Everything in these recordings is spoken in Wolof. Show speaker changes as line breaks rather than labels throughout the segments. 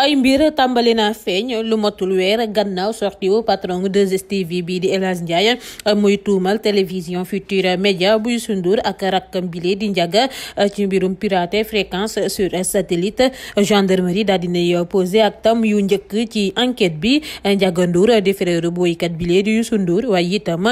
ay mbir tàmbali naa feeñ lu motul weer gannaaw sorti wu patron de stv bi di El Hadj muy tuumal télévision future média buy sundur Ndour ak rakkam bile di Ndiaga ci mbirum piraté fréquence sur satellite gendarmerie daal opposé posé ak tam yu njëkk ci enquête bi Ndiaga Ndour di frère boykat bile di Youssou itam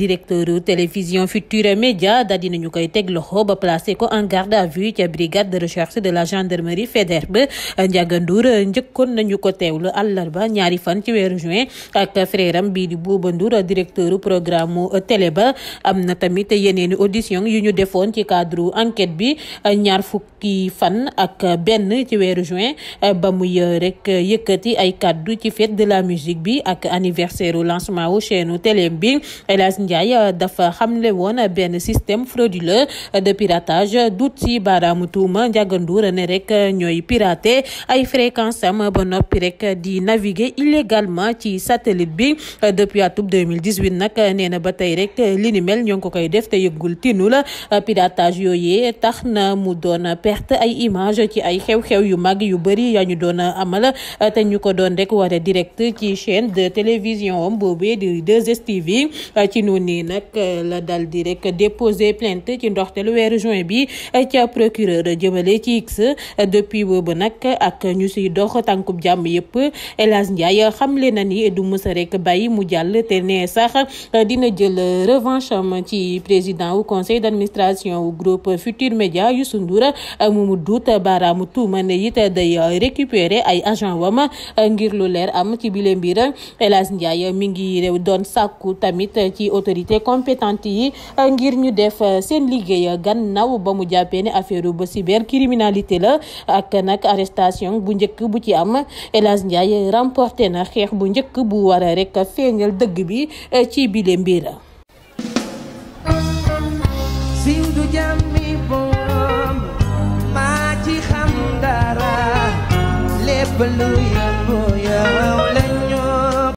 directeur télévision future média daal ñu koy loxo ba placé ko en garde à vue ci brigade de recherche de la gendarmerie Faidherbe Ndiaga njëkkoon nañu ko teewlu àllarba ñaari fan ci weeru juin ak frère bii di Bouba Ndour directeur programme mu télé ba am na tamit yeneeni audition yu ñu defoon ci cadre enquête bi ñaar fukki fan ak benn ci weeru juin ba muy euh, rek yëkkati ay kàddu ci fête de la musique bi ak anniversaire lancement wu chaîne télé bi El Hadj euh, dafa xamle woon benn système frauduleux de piratage dut si baaraamu tuuma Ndiaga Ndour ne rek euh, ñooy piraté ay fréquence licence ba rek di naviguer illégalement ci satellite bi euh, depuis à 2018 nak nee na ba tey rek euh, li ni mel ñong ko koy def te yegul tinu la euh, piratage yooyee tax na mu perte ay image ci ay xew-xew yu mag yu yañu amal te ñuko don doon rek waré direct ci chaîne de télévision bobé de di 2STV ci noonu nii nak la dal direct rek déposer plainte ci ndoxtelu weeru juin bi ci procureur jëmale ci x depuis bobu nak ak ñu dox tànkub jàmm yëpp El Hadj Ndiaye xamle na ni du mësa rek bàyyi mu jàll te ne sax dina jël revanche am ci président wu conseil d'administration wu groupe Futur Média Youssou Ndour mu mu duut baaraamu tuuma ne it day récupérer ay agent ma ngir lu leer am ci bile mbir El Hadj Ndiaye mi ngi réew doon sàkku tamit ci autorité compétente yi ngir ñu def seen liggéey gannaaw ba mu jàppee ne affaire ba cybercriminalité la ak nag arrestation bu njëkk bu ci am elas Ndiaye remporté na xex bu njëkk bu wara rek feeñal dëgg bi e ci bile mbir.
Hallelujah.